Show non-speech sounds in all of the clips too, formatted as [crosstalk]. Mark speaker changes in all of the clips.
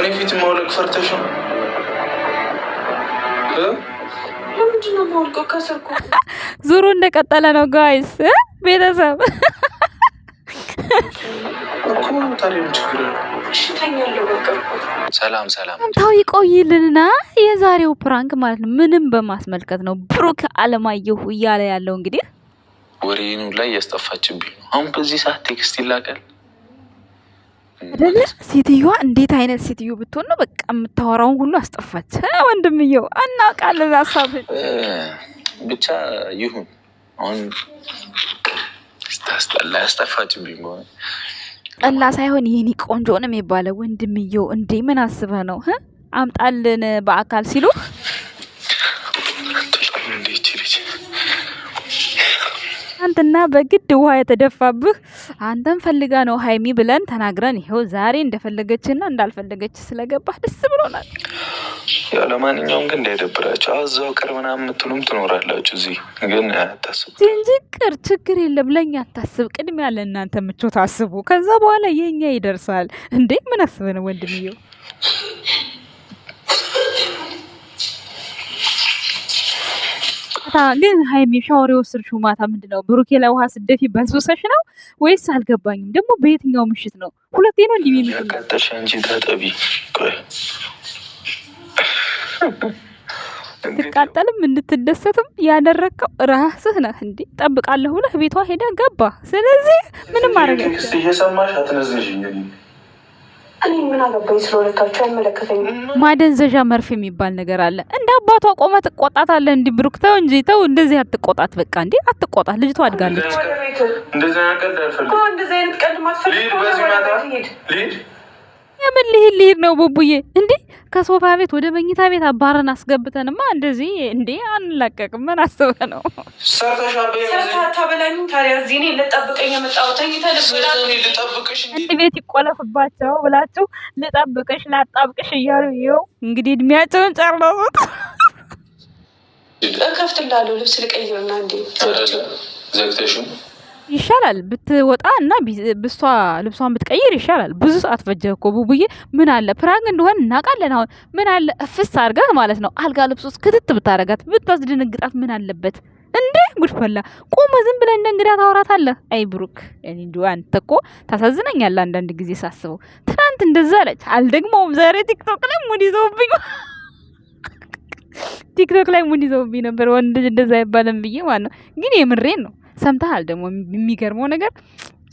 Speaker 1: እኔ ፊት ማውለቅ ፈርተሽ ነው?
Speaker 2: ዙሩ እንደቀጠለ ነው ጋይስ ቤተሰብ ሰላም ሰላም ታው ይቆይልንና የዛሬው ፕራንክ ማለት ነው ምንም በማስመልከት ነው ብሩክ አለማየሁ እያለ ያለው እንግዲህ
Speaker 1: ወሬኑ ላይ ያስጠፋችብኝ ነው አሁን በዚህ ሰዓት ቴክስት ይላቀል
Speaker 2: አይደለ? ሴትዮዋ እንዴት አይነት ሴትዮ ብትሆን ነው በቃ የምታወራውን ሁሉ አስጠፋች። ወንድምየው እናውቃለን ሀሳብን
Speaker 1: ብቻ ይሁን። አሁን ስታስጠላ ያስጠፋችብኝ ቢሆን
Speaker 2: ጠላ ሳይሆን ይህኒ ቆንጆ ነው የሚባለው ወንድምየው። እንዴ ምን አስበህ ነው አምጣልን በአካል ሲሉ ትናንትና በግድ ውሃ የተደፋብህ አንተን ፈልጋ ነው ሀይሚ ብለን ተናግረን ይኸው ዛሬ እንደፈለገችና እንዳልፈለገች ስለገባህ ደስ ብሎናል።
Speaker 1: ለማንኛውም ግን እንዳይደብራቸው አዛው ቅር ምናምን የምትሉም ትኖራላችሁ። እዚህ
Speaker 2: ግን አታስቡ እንጂ ቅር ችግር የለም ለእኛ አታስብ። ቅድሚያ ለእናንተ ምቾት አስቡ፣ ከዛ በኋላ የእኛ ይደርሳል። እንዴ ምን አስበ ነው ወንድምየው ማታ ግን ሀይሚ ሻወር የወሰድሽው ማታ ምንድን ነው? ብሩኬ ላይ ውሃ ስደፊ በንሶሰሽ ነው ወይስ? አልገባኝም። ደግሞ በየትኛው ምሽት ነው? ሁለቴ ነው እንዲህ
Speaker 1: የሚቀጠልሽ አንቺ ታጠቢ
Speaker 2: ትቃጠልም እንድትደሰትም ያደረግከው ራስህ ነህ። እንዲ ጠብቃለሁ ብለህ ቤቷ ሄደ ገባ። ስለዚህ ምንም አረገ
Speaker 1: እየሰማሽ አትነዝንሽኝ
Speaker 3: እኔ ምን አገባኝ ስለ ሁለታችሁ አይመለከተኝም።
Speaker 2: ማደንዘዣ መርፌ የሚባል ነገር አለ። እንደ አባቷ ቆመ ትቆጣታለህ። እንዲህ ብሩክ ተው እንጂ ተው፣ እንደዚህ አትቆጣት። በቃ እንዴ አትቆጣት፣ ልጅቷ አድጋለች።
Speaker 1: እንደዚህ አይነት ቀልድ አልፈልግም።
Speaker 3: እንደዚህ አይነት ቀልድ
Speaker 1: ማትፈልግ
Speaker 2: የምን ልሂድ ልሂድ ነው ቡቡዬ? እንዴ ከሶፋ ቤት ወደ መኝታ ቤት አባረን አስገብተንማ እንደዚህ እንዴ አንላቀቅም። ምን አስበ ነው ቤት ይቆለፍባቸው ብላችሁ ልጠብቅሽ ላጣብቅሽ እያሉ ይኸው እንግዲህ እድሜያቸውን ጨረሱት።
Speaker 3: ከፍት ልብስ ልቀይርና እንዴ
Speaker 1: ዘግተሽም
Speaker 2: ይሻላል ብትወጣ እና ብሷ ልብሷን ብትቀይር ይሻላል። ብዙ ሰዓት ፈጀ እኮ ቡቡዬ። ምን አለ ፕራንክ እንደሆነ እናውቃለን። አሁን ምን አለ እፍስ አድርጋት ማለት ነው አልጋ ልብስ ውስጥ ክትት ብታረጋት ብታስደነግጣት ምን አለበት እንዴ? ጉድፈላ ቆመ ዝም ብለ እንደ እንግዳ ታወራት አለ። አይ ብሩክ እንዲ አንተ እኮ ታሳዝነኛል አንዳንድ ጊዜ ሳስበው። ትናንት እንደዛ አለች አልደግመውም። ዛሬ ቲክቶክ ላይ ሙድ ይዘውብኝ ቲክቶክ ላይ ሙድ ይዘውብኝ ነበር። ወንድ እንደዛ አይባልም ብዬ ማለት ነው፣ ግን የምሬን ነው ሰምተሃል ደግሞ የሚገርመው ነገር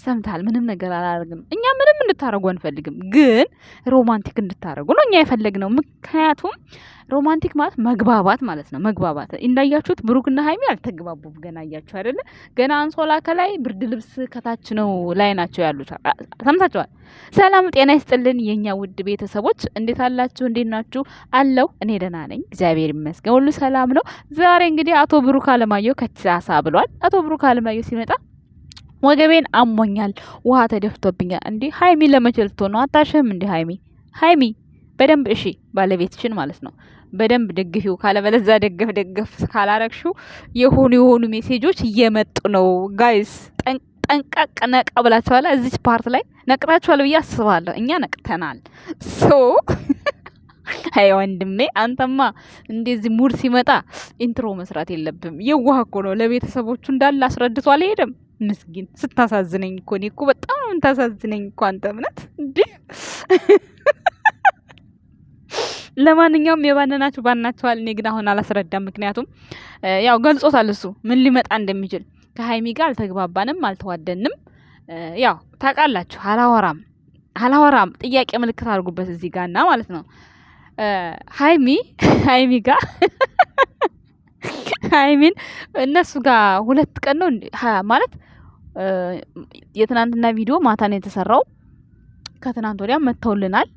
Speaker 2: ሰምታል ምንም ነገር አላደርግም። እኛ ምንም እንድታረጉ አንፈልግም፣ ግን ሮማንቲክ እንድታረጉ ነው እኛ የፈለግነው። ምክንያቱም ሮማንቲክ ማለት መግባባት ማለት ነው። መግባባት እንዳያችሁት ብሩክና ሀይሚ አልተግባቡም። ገና እያችሁ አይደለ? ገና አንሶላ ከላይ ብርድ ልብስ ከታች ነው ላይ ናቸው ያሉት። ሰምታችኋል። ሰላም ጤና ይስጥልን የእኛ ውድ ቤተሰቦች፣ እንዴት አላችሁ? እንዴት ናችሁ? አለው እኔ ደህና ነኝ፣ እግዚአብሔር ይመስገን፣ ሁሉ ሰላም ነው። ዛሬ እንግዲህ አቶ ብሩክ አለማየሁ ከቻሳ ብሏል። አቶ ብሩክ አለማየሁ ሲመጣ ወገቤን አሞኛል፣ ውሃ ተደፍቶብኛል። እንዲ ሀይሚ ለመቼ ልትሆን ነው? አታሽም እንዲ ሀይሚ ሀይሚ በደንብ እሺ፣ ባለቤትሽን ማለት ነው በደንብ ደግፊው። ካለበለዛ ደገፍ ደገፍ ካላረግሽው የሆኑ የሆኑ ሜሴጆች እየመጡ ነው። ጋይስ ጠንቀቅ ነቃ ብላችኋል። እዚች ፓርት ላይ ነቅታችኋል ብዬ አስባለሁ። እኛ ነቅተናል። ሶ አይ [laughs] ወንድሜ አንተማ እንደዚህ ሙድ ሲመጣ ኢንትሮ መስራት የለብም። የዋህ እኮ ነው። ለቤተሰቦቹ እንዳለ አስረድቶ አልሄድም ምስጊን ስታሳዝነኝ እኮ እኔ እኮ በጣም የምታሳዝነኝ እኮ አንተ እምነት እንዴ። ለማንኛውም የባነናችሁ ባናችኋል። እኔ ግን አሁን አላስረዳም፣ ምክንያቱም ያው ገልጾታል እሱ ምን ሊመጣ እንደሚችል። ከሀይሚ ጋር አልተግባባንም፣ አልተዋደንም። ያው ታውቃላችሁ፣ አላወራም አላወራም ጥያቄ ምልክት አድርጉበት እዚህ ጋርና ማለት ነው ሀይሚ ሀይሚ ጋር ሀይሚን እነሱ ጋር ሁለት ቀን ነው ማለት የትናንትና ቪዲዮ ማታ ነው የተሰራው። ከትናንት ወዲያ መጥተውልናል።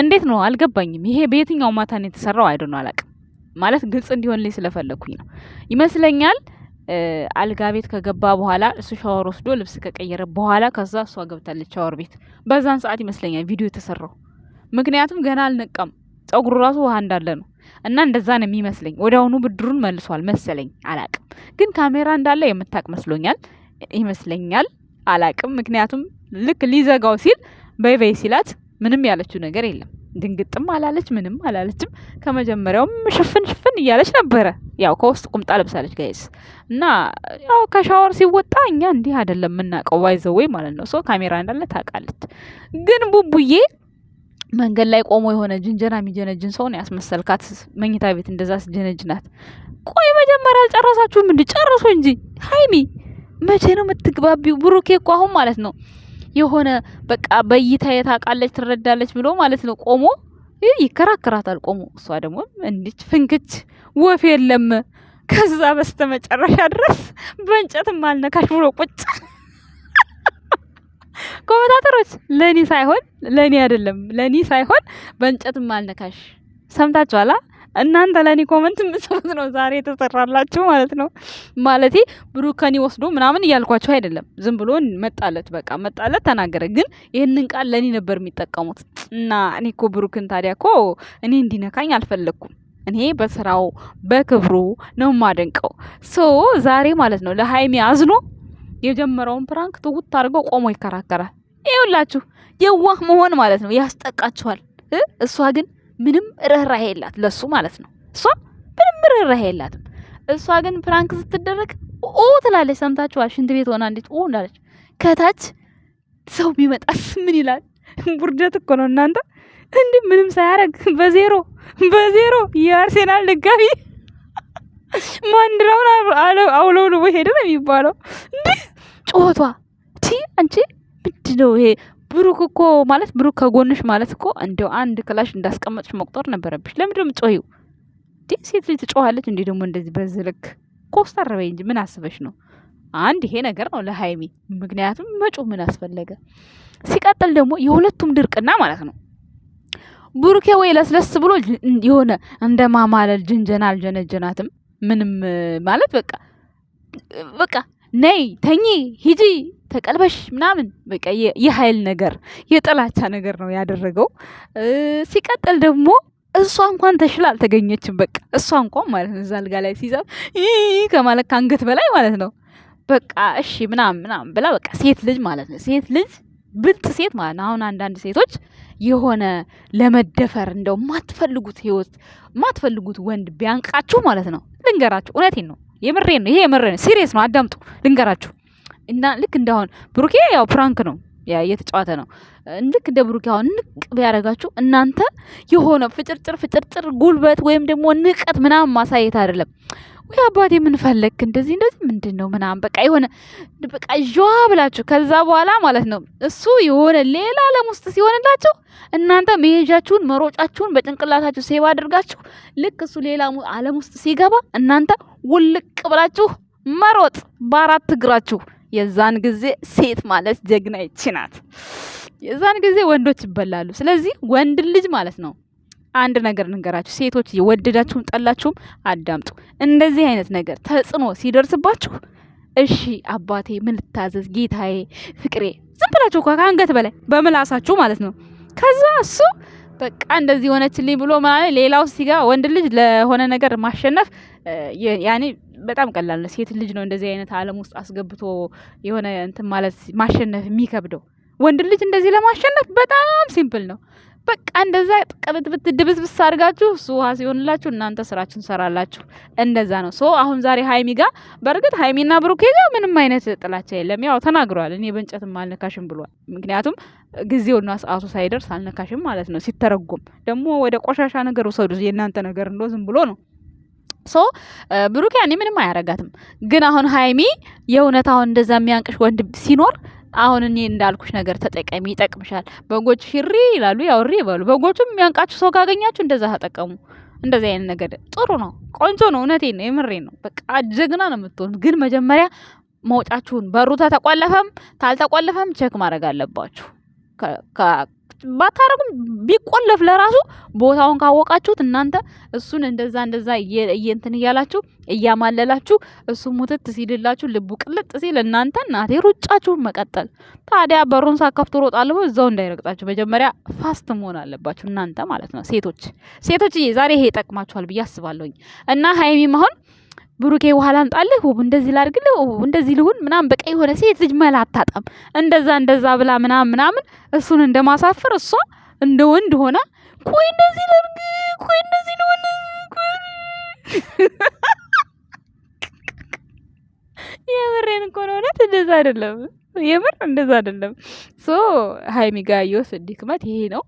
Speaker 2: እንዴት ነው አልገባኝም። ይሄ በየትኛው ማታ ነው የተሰራው? አይደ ነው አላቅም። ማለት ግልጽ እንዲሆንልኝ ስለፈለግኩኝ ነው ይመስለኛል። አልጋ ቤት ከገባ በኋላ እሱ ሻወር ወስዶ ልብስ ከቀየረ በኋላ ከዛ እሷ ገብታለች ሻወር ቤት። በዛን ሰዓት ይመስለኛል ቪዲዮ የተሰራው። ምክንያቱም ገና አልነቃም። ጸጉሩ ራሱ ውሃ እንዳለ ነው። እና እንደዛ ነው የሚመስለኝ። ወዲያውኑ ብድሩን መልሷል መሰለኝ አላቅም፣ ግን ካሜራ እንዳለ የምታቅ መስሎኛል ይመስለኛል አላቅም። ምክንያቱም ልክ ሊዘጋው ሲል በይበይ ሲላት ምንም ያለችው ነገር የለም። ድንግጥም አላለች፣ ምንም አላለችም። ከመጀመሪያውም ሽፍን ሽፍን እያለች ነበረ። ያው ከውስጥ ቁምጣ ለብሳለች ጋይስ። እና ያው ከሻወር ሲወጣ እኛ እንዲህ አይደለም የምናውቀው፣ ዋይዘወይ ማለት ነው። ሰው ካሜራ እንዳለ ታውቃለች። ግን ቡቡዬ መንገድ ላይ ቆሞ የሆነ ጅንጀና የሚጀነጅን ሰውን ያስመሰልካት። መኝታ ቤት እንደዛ ስጀነጅናት፣ ቆይ መጀመሪያ አልጨረሳችሁም? ምንድ ጨርሱ እንጂ ሀይሚ፣ መቼ ነው የምትግባቢው? ብሩኬ እኮ አሁን ማለት ነው የሆነ በቃ በእይታ የታውቃለች ትረዳለች ብሎ ማለት ነው ቆሞ ይከራከራታል ቆሞ። እሷ ደግሞ እንዲች ፍንክች ወፍ የለም። ከዛ በስተመጨረሻ ድረስ በእንጨትም አልነካሽ ብሎ ቁጭ ኮመንታተሮች ለእኔ ሳይሆን ለእኔ አይደለም ለእኔ ሳይሆን ማልነካሽ አልነካሽ ሰምታችኋላ። እናንተ ለእኔ ኮመንት የምጽፉት ነው ዛሬ የተሰራላችሁ ማለት ነው። ማለቴ ብሩክ ከኔ ወስዶ ምናምን እያልኳቸው አይደለም። ዝም ብሎ መጣለት፣ በቃ መጣለት ተናገረ። ግን ይህንን ቃል ለእኔ ነበር የሚጠቀሙት እና እኔ ኮ ብሩክን ታዲያ ኮ እኔ እንዲነካኝ አልፈለግኩም። እኔ በስራው በክብሩ ነው የማደንቀው። ሶ ዛሬ ማለት ነው ለሀይሚ አዝኖ የጀመረውን ፕራንክ ትውት አድርጎ ቆሞ ይከራከራል። ይኸውላችሁ የዋህ መሆን ማለት ነው፣ ያስጠቃችኋል። እሷ ግን ምንም ርኅራሄ የላት ለሱ ማለት ነው። እሷ ምንም ርኅራሄ የላትም። እሷ ግን ፕራንክ ስትደረግ ኦ ትላለች። ሰምታችኋል? ሽንት ቤት ሆና እንዴት ኦ እንዳለች ከታች ሰው ቢመጣስ ምን ይላል? ቡርደት እኮ ነው እናንተ እንዴ! ምንም ሳያደርግ በዜሮ በዜሮ የአርሴናል ደጋፊ ማንድራውን አውለውልቦ ሄደ ነው የሚባለው። ጩኸቷ ቲ አንቺ ነው ይሄ? ብሩክ እኮ ማለት ብሩክ ከጎንሽ ማለት እኮ እንደው አንድ ክላሽ እንዳስቀመጥሽ መቁጠር ነበረብሽ። ለምንድነው የምትጮሂው? ሴት ልጅ ትጮኋለች እንዴ? ደግሞ እንደዚህ በዝልክ ኮስተር በይ እንጂ ምን አስበሽ ነው? አንድ ይሄ ነገር ነው ለሀይሚ። ምክንያቱም መጮ ምን አስፈለገ? ሲቀጥል ደግሞ የሁለቱም ድርቅና ማለት ነው ብሩኬ ወይ ለስለስ ብሎ የሆነ እንደ ማማለል ጅንጀና አልጀነጀናትም ምንም ማለት በቃ በቃ ነይ ተኚ ሂጂ ተቀልበሽ ምናምን በቃ የሀይል ነገር የጥላቻ ነገር ነው ያደረገው። ሲቀጥል ደግሞ እሷ እንኳን ተሽላ አልተገኘችም። በቃ እሷ እንኳን ማለት ነው እዛ አልጋ ላይ ሲዛብ ከማለት ከአንገት በላይ ማለት ነው በቃ እሺ ምናምን ምናምን ብላ በቃ ሴት ልጅ ማለት ነው ሴት ልጅ ብልጥ ሴት ማለት ነው። አሁን አንዳንድ ሴቶች የሆነ ለመደፈር እንደው ማትፈልጉት ህይወት ማትፈልጉት ወንድ ቢያንቃችሁ ማለት ነው ልንገራችሁ፣ እውነቴን ነው የምሬን ነው። ይሄ የምሬን ሲሪየስ ነው። አዳምጡ ልንገራችሁ እና ልክ እንደሆን ብሩኬ ያው ፕራንክ ነው የተጫወተ ነው። ልክ እንደ ብሩኬ አሁን ንቅ ቢያደርጋችሁ እናንተ የሆነ ፍጭርጭር ፍጭርጭር ጉልበት ወይም ደግሞ ንቀት ምናምን ማሳየት አይደለም። ወይ አባቴ የምንፈለግ እንደዚህ እንደዚህ ምንድን ነው ምናምን በቃ የሆነ በቃ ዣ ብላችሁ ከዛ በኋላ ማለት ነው እሱ የሆነ ሌላ ዓለም ውስጥ ሲሆንላችሁ እናንተ መሄጃችሁን መሮጫችሁን በጭንቅላታችሁ ሴብ አድርጋችሁ ልክ እሱ ሌላ ዓለም ውስጥ ሲገባ እናንተ ውልቅ ብላችሁ መሮጥ በአራት እግራችሁ። የዛን ጊዜ ሴት ማለት ጀግና ይቺ ናት። የዛን ጊዜ ወንዶች ይበላሉ። ስለዚህ ወንድ ልጅ ማለት ነው አንድ ነገር ንገራችሁ ሴቶች፣ ወደዳችሁም ጠላችሁም አዳምጡ። እንደዚህ አይነት ነገር ተጽዕኖ ሲደርስባችሁ እሺ አባቴ ምን ልታዘዝ፣ ጌታዬ፣ ፍቅሬ ዝም ብላችሁ እኳ ከአንገት በላይ በምላሳችሁ ማለት ነው። ከዛ እሱ በቃ እንደዚህ ሆነችልኝ ብሎ ማለት ሌላው ሲጋ ወንድ ልጅ ለሆነ ነገር ማሸነፍ ያኔ በጣም ቀላል ነው። ሴት ልጅ ነው እንደዚህ አይነት ዓለም ውስጥ አስገብቶ የሆነ እንትን ማለት ማሸነፍ የሚከብደው። ወንድ ልጅ እንደዚህ ለማሸነፍ በጣም ሲምፕል ነው። በቃ እንደዛ ቅብጥብት ድብስብስ አድርጋችሁ እሱ ውሃ ሲሆንላችሁ እናንተ ስራችሁን ሰራላችሁ። እንደዛ ነው። ሶ አሁን ዛሬ ሀይሚ ጋር በእርግጥ ሀይሚና ብሩኬ ጋ ምንም አይነት ጥላቻ የለም። ያው ተናግሯል፣ እኔ በእንጨትም አልነካሽም ብሏል። ምክንያቱም ጊዜውና ሰዓቱ ሳይደርስ አልነካሽም ማለት ነው። ሲተረጎም ደግሞ ወደ ቆሻሻ ነገር ውሰዱ። የእናንተ ነገር እንዶ ዝም ብሎ ነው ሶ ብሩኬ እኔ ምንም አያረጋትም። ግን አሁን ሀይሚ የእውነት አሁን እንደዛ የሚያንቅሽ ወንድ ሲኖር አሁን እኔ እንዳልኩሽ ነገር ተጠቀሚ፣ ይጠቅምሻል። በጎች ሽሪ ይላሉ፣ ያው ሪ ይበሉ። በጎቹም የሚያንቃችሁ ሰው ካገኛችሁ እንደዛ ተጠቀሙ። እንደዚህ አይነት ነገር ጥሩ ነው፣ ቆንጆ ነው። እውነቴ ነው፣ የምሬ ነው። በቃ ጀግና ነው የምትሆኑ። ግን መጀመሪያ መውጫችሁን በሩ ተቆለፈም ታልተቆለፈም ቼክ ማድረግ አለባችሁ። ባታረጉም ቢቆለፍ ለራሱ ቦታውን ካወቃችሁት እናንተ እሱን እንደዛ እንደዛ እየእንትን እያላችሁ እያማለላችሁ እሱ ሙትት ሲልላችሁ ልቡ ቅልጥ ሲል እናንተ እናቴ ሩጫችሁ መቀጠል። ታዲያ በሩን ሳከፍቶ ሮጣለሁ እዛው እንዳይረግጣችሁ መጀመሪያ ፋስት መሆን አለባችሁ እናንተ ማለት ነው። ሴቶች ሴቶች ዛሬ ይሄ ይጠቅማችኋል ብዬ አስባለሁኝ እና ሀይሚም አሁን ብሩኬ ውሃ ላምጣልህ፣ ውቡ እንደዚህ ላድርግልህ፣ ውቡ እንደዚህ ልሁን ምናምን በቃ የሆነ ሴት ልጅ መላ አታጣም። እንደዛ እንደዛ ብላ ምናምን ምናምን እሱን እንደማሳፈር እሷ እንደ ወንድ ሆና ቆይ እንደዚህ ላድርግ፣ ቆይ እንደዚህ ልሆን፣ የምሬን እኮ ነው። እውነት እንደዛ አይደለም፣ የምር እንደዛ አይደለም። ሶ ሀይሚ ጋ የወሰድ ድክመት ይሄ ነው።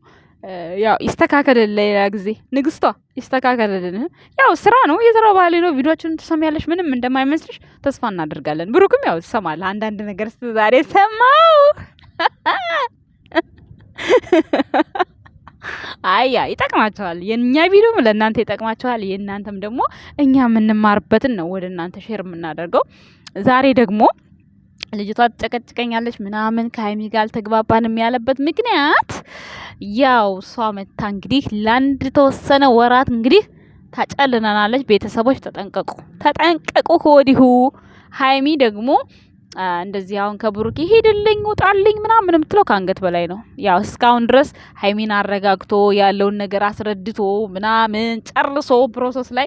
Speaker 2: ያው ይስተካከልልን ለሌላ ጊዜ ንግስቷ ይስተካከልልን። ያው ስራ ነው፣ የስራ ባህል ነው። ቪዲዮችን ትሰሚያለሽ፣ ምንም እንደማይመስልሽ ተስፋ እናደርጋለን። ብሩክም ያው ትሰማለህ፣ አንዳንድ ነገር ዛሬ ሰማው። አያ ይጠቅማቸዋል። የእኛ ቪዲዮም ለእናንተ ይጠቅማቸዋል። የእናንተም ደግሞ እኛ የምንማርበትን ነው ወደ እናንተ ሼር የምናደርገው ዛሬ ደግሞ ልጅቷ ትጨቀጭቀኛለች ምናምን ከሀይሚ ጋር አልተግባባንም ያለበት ምክንያት ያው እሷ መታ እንግዲህ ለአንድ ተወሰነ ወራት እንግዲህ ታጨልናናለች። ቤተሰቦች ተጠንቀቁ፣ ተጠንቀቁ ከወዲሁ ሀይሚ ደግሞ እንደዚህ አሁን ከብሩክ ሄድልኝ ውጣልኝ ምናምን የምትለው ከአንገት በላይ ነው። ያው እስካሁን ድረስ ሀይሚን አረጋግቶ ያለውን ነገር አስረድቶ ምናምን ጨርሶ ፕሮሰስ ላይ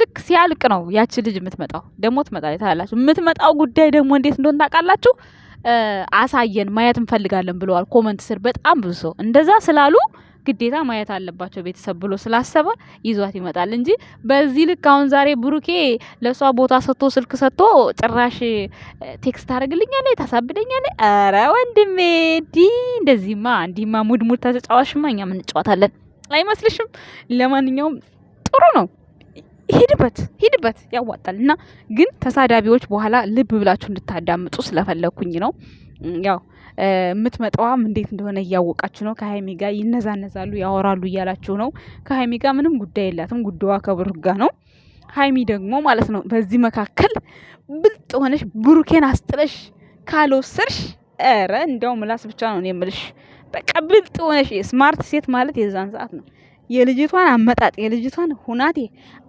Speaker 2: ልክ ሲያልቅ ነው ያቺ ልጅ የምትመጣው። ደግሞ ትመጣለች ታላላችሁ። የምትመጣው ጉዳይ ደግሞ እንዴት እንደሆነ ታውቃላችሁ። አሳየን ማየት እንፈልጋለን ብለዋል ኮመንት ስር በጣም ብዙ ሰው እንደዛ ስላሉ ግዴታ ማየት አለባቸው ቤተሰብ ብሎ ስላሰበ ይዟት ይመጣል እንጂ በዚህ ልክ አሁን ዛሬ ብሩኬ ለእሷ ቦታ ሰጥቶ ስልክ ሰጥቶ ጭራሽ ቴክስት ታደርግልኛለች፣ ታሳብደኛለች። ኧረ ወንድሜ ዲ እንደዚህማ እንዲህማ ሙድሙድ ሙድ ተጫዋሽማ እኛ እንጫወታለን አይመስልሽም? ለማንኛውም ጥሩ ነው። ሂድበት ሂድበት ያዋጣል። እና ግን ተሳዳቢዎች በኋላ ልብ ብላችሁ እንድታዳምጡ ስለፈለግኩኝ ነው ያው የምትመጣዋም እንዴት እንደሆነ እያወቃችሁ ነው። ከሀይሚ ጋር ይነዛነዛሉ፣ ያወራሉ እያላችሁ ነው። ከሀይሚ ጋር ምንም ጉዳይ የላትም። ጉዳዋ ከብሩክ ጋር ነው። ሀይሚ ደግሞ ማለት ነው በዚህ መካከል ብልጥ ሆነሽ ብሩኬን አስጥለሽ ካልወሰድሽ ኧረ እንደው ምላስ ብቻ ነው የምልሽ። በቃ ብልጥ ሆነሽ ስማርት ሴት ማለት የዛን ሰዓት ነው የልጅቷን አመጣጥ የልጅቷን ሁናቴ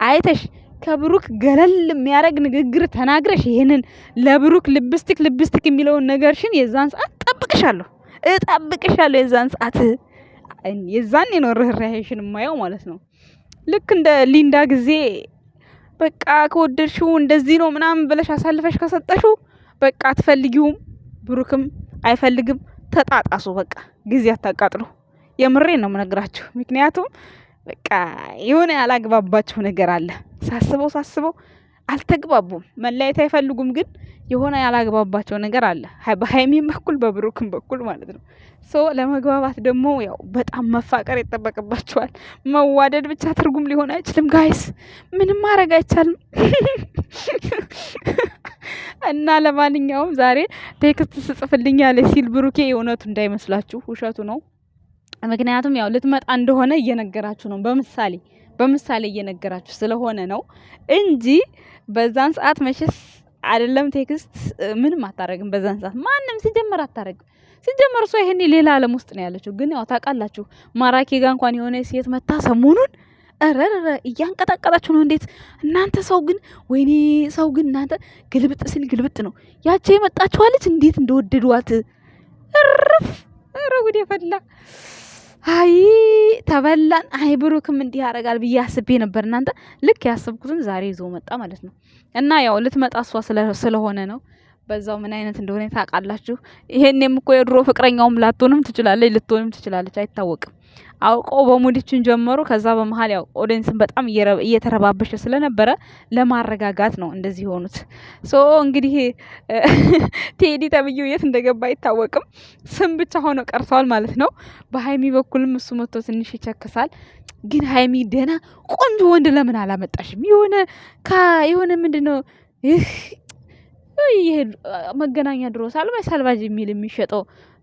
Speaker 2: አይተሽ ከብሩክ ገለል የሚያደርግ ንግግር ተናግረሽ ይህንን ለብሩክ ልብስቲክ ልብስቲክ የሚለውን ነገርሽን የዛን ሰዓት እጠብቅሻለሁ እጠብቅሻለሁ የዛን ሰዓት የዛን ነው ርህራሄሽን የማየው ማለት ነው። ልክ እንደ ሊንዳ ጊዜ በቃ ከወደድሽው እንደዚህ ነው ምናምን ብለሽ አሳልፈሽ ከሰጠሽው በቃ አትፈልጊውም፣ ብሩክም አይፈልግም። ተጣጣሱ በቃ ጊዜ አታቃጥሉ። የምሬ ነው የምነግራችሁ። ምክንያቱም በቃ የሆነ ያላግባባችሁ ነገር አለ ሳስበው ሳስበው አልተግባቡም። መለያየት አይፈልጉም፣ ግን የሆነ ያላግባባቸው ነገር አለ በሀይሚም በኩል በብሩክም በኩል ማለት ነው። ሶ ለመግባባት ደግሞ ያው በጣም መፋቀር ይጠበቅባቸዋል። መዋደድ ብቻ ትርጉም ሊሆን አይችልም። ጋይስ ምንም ማድረግ አይቻልም። [laughs] እና ለማንኛውም ዛሬ ቴክስት ስጽፍልኛለ ሲል ብሩኬ የእውነቱ እንዳይመስላችሁ ውሸቱ ነው። ምክንያቱም ያው ልትመጣ እንደሆነ እየነገራችሁ ነው በምሳሌ በምሳሌ እየነገራችሁ ስለሆነ ነው እንጂ በዛን ሰዓት መቼስ አይደለም ቴክስት ምንም አታረግም። በዛን ሰዓት ማንም ሲጀመር አታረግም። ሲጀመር እሷ ይሄኔ ሌላ ዓለም ውስጥ ነው ያለችው። ግን ያው ታውቃላችሁ ማራኪ ጋር እንኳን የሆነ ሴት መታ ሰሞኑን ረረረ እያንቀጣቀጣችሁ ነው። እንዴት እናንተ ሰው ግን ወይኔ ሰው ግን እናንተ ግልብጥ ሲል ግልብጥ ነው ያቸው የመጣችኋለች። እንዴት እንደወደዷት እርፍ ረጉድ የፈላ አይ ተበላን። አይ ብሩክም እንዲህ ያደርጋል ብዬ አስቤ ነበር። እናንተ ልክ ያሰብኩትን ዛሬ ይዞ መጣ ማለት ነው። እና ያው ልትመጣ እሷ ስለሆነ ነው። በዛው ምን አይነት እንደሆነ ታውቃላችሁ። ይሄን የምኮ የድሮ ፍቅረኛውም ላትሆንም ትችላለች፣ ልትሆንም ትችላለች፣ አይታወቅም። አውቆ በሙዲችን ጀመሩ። ከዛ በመሀል ያው ኦዲንስን በጣም እየተረባበሸ ስለነበረ ለማረጋጋት ነው እንደዚህ የሆኑት። ሶ እንግዲህ [laughs] ቴዲ ተብዬው የት እንደገባ አይታወቅም። ስም ብቻ ሆኖ ቀርተዋል ማለት ነው። በሀይሚ በኩልም እሱ መጥቶ ትንሽ ይቸክሳል። ግን ሀይሚ ደህና ቆንጆ ወንድ ለምን አላመጣሽም? የሆነ የሆነ ምንድን ነው ይሄ መገናኛ ድሮ ሳልባጅ ሳልባጅ የሚል የሚሸጠው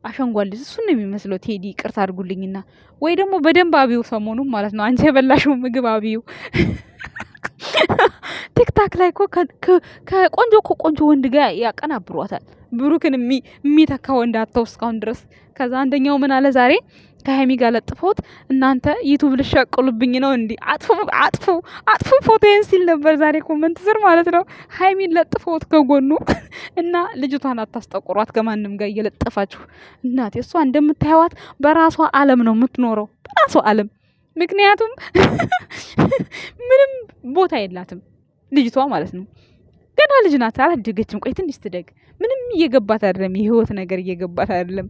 Speaker 2: አሸንጓል እሱን ነው የሚመስለው። ቴዲ ቅርት አድርጉልኝና ወይ ደግሞ በደንብ አብዩ ሰሞኑን ማለት ነው። አንቺ የበላሽው ምግብ አብዩ። ቲክታክ ላይ እኮ ከቆንጆ እኮ ቆንጆ ወንድ ጋር ያቀናብሯታል። ብሩክን የሚተካ ወንድ አተው እስካሁን ድረስ። ከዛ አንደኛው ምን አለ ዛሬ ከሀይሚ ጋር ለጥፎት እናንተ ዩቱብ ልሸቅሉብኝ ነው እንዲ አጥፉ አጥፉ አጥፉ ፎቶዬን ሲል ነበር ዛሬ ኮመንት ስር ማለት ነው። ሀይሚን ለጥፎት ከጎኑ [laughs] እና ልጅቷን አታስጠቁሯት ከማንም ጋር እየለጠፋችሁ እናት እሷ እንደምታየዋት በራሷ ዓለም ነው የምትኖረው በራሷ ዓለም ምክንያቱም [laughs] ምንም ቦታ የላትም ልጅቷ ማለት ነው። ገና ልጅ ናት፣ አላደገችም። ቆይ ትንሽ ትደግ። ምንም እየገባት አይደለም፣ የህይወት ነገር እየገባት አይደለም።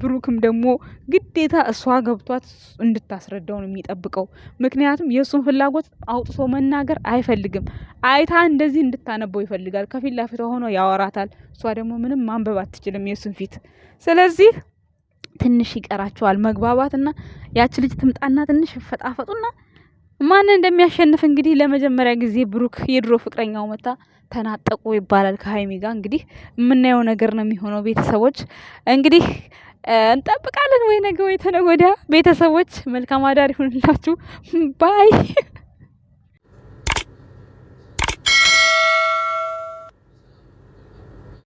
Speaker 2: ብሩክም ደግሞ ግዴታ እሷ ገብቷት እንድታስረዳው ነው የሚጠብቀው። ምክንያቱም የእሱን ፍላጎት አውጥቶ መናገር አይፈልግም። አይታ እንደዚህ እንድታነበው ይፈልጋል። ከፊት ለፊት ሆኖ ያወራታል። እሷ ደግሞ ምንም ማንበብ አትችልም የእሱን ፊት። ስለዚህ ትንሽ ይቀራቸዋል መግባባትና ያቺ ልጅ ትምጣና ትንሽ ፈጣፈጡና ማን እንደሚያሸንፍ እንግዲህ ለመጀመሪያ ጊዜ ብሩክ የድሮ ፍቅረኛው መታ ተናጠቁ ይባላል ከሀይሚ ጋር እንግዲህ የምናየው ነገር ነው የሚሆነው። ቤተሰቦች እንግዲህ እንጠብቃለን ወይ ነገ ወይ ተነገ ወዲያ። ቤተሰቦች መልካም አዳር ይሁንላችሁ ባይ